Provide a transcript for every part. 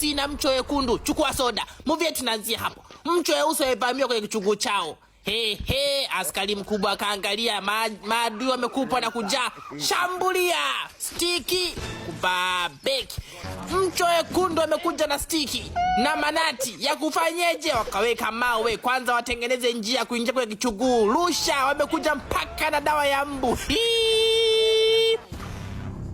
mweusi na mchwa wekundu, chukua soda. Muvi tunaanzia hapo. Mchwa weusi amevamiwa kwenye kichuguu chao. He, he, askari mkubwa akaangalia, maadui wamekupwa na kujaa. Shambulia stiki kubabeki. Mchwa wekundu amekuja na stiki na manati ya kufanyeje? Wakaweka mawe kwanza, watengeneze njia ya kuingia kwenye kichuguu. Rusha wamekuja mpaka na dawa ya mbu. Hii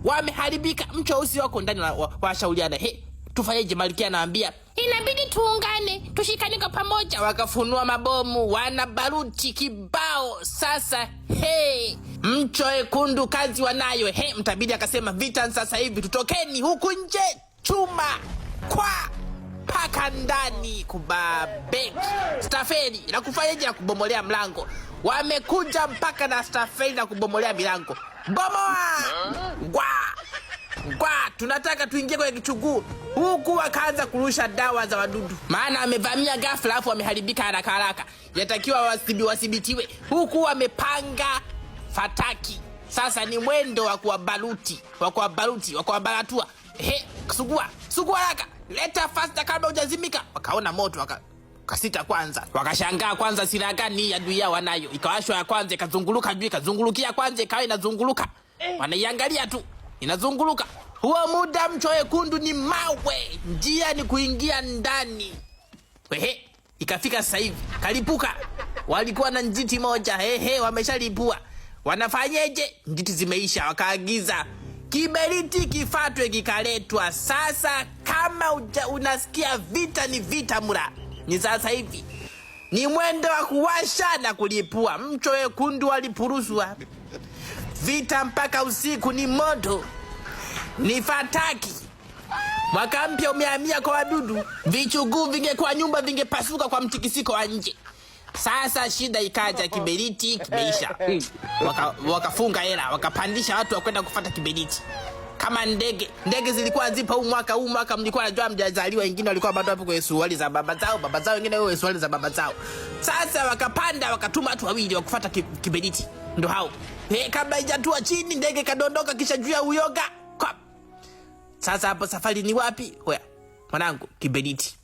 wameharibika. Mchwa weusi wako ndani, washauliana wa, wa he tufanyeje? Malkia anaambia inabidi tuungane, tushikane kwa pamoja. Wakafunua mabomu, wana baruti kibao. Sasa he, mcho ekundu kazi wanayo. He, mtabidi akasema vita sasa hivi, tutokeni huku nje, chuma kwa paka ndani, kubabeki stafeli na kufanyeje na kubomolea mlango. Wamekuja mpaka na stafeli na kubomolea milango, bomoa gwaa kwa tunataka tuingie kwenye kichuguu huku, akaanza kurusha dawa za wadudu, maana amevamia ghafla, afu wameharibika haraka haraka, yatakiwa wasibi wasibitiwe, huku wamepanga fataki. Sasa ni mwendo wa kuwabaruti wa kuwabaruti wa kuwabaratua. He, sugua sugua haraka, leta fasta kabla hujazimika. Wakaona moto waka kasita kwanza, wakashangaa kwanza, silaha gani ya adui yao wanayo. Ikawashwa ya kwanza, ikazunguluka juu, ikazungulukia kwanza, ikawa inazunguluka, eh. wanaiangalia tu inazunguluka huo muda mcho wekundu ni mawe, njia ni kuingia ndani. Wehe, ikafika sasa hivi kalipuka. Walikuwa na njiti moja, hehe, wameshalipua. Wanafanyeje? Njiti zimeisha, wakaagiza kiberiti kifatwe, kikaletwa. Sasa kama uja, unasikia vita ni vita, mura ni sasa hivi ni mwendo wa kuwasha na kulipua. Mcho wekundu walipuruswa vita mpaka usiku, ni moto ni fataki. Mwaka mpya umehamia kwa wadudu, vichuguu vingekuwa nyumba vingepasuka kwa mtikisiko wa nje. Sasa shida ikaja, kiberiti kimeisha, wakafunga waka hela, wakapandisha watu wakwenda kufata kiberiti kama ndege. Ndege zilikuwa zipa huu mwaka, huu mwaka mlikuwa najua mjazaliwa, wengine walikuwa bado hapo kwenye suruali za baba zao, baba zao wengine wewe suruali za baba zao. Sasa wakapanda, wakatuma watu wawili wakufata kiberiti, ndo hao. Hey, kabla ijatua chini ndege kadondoka, kisha juu ya uyoga sasa hapo safari ni wapi? Oya mwanangu, kibeniti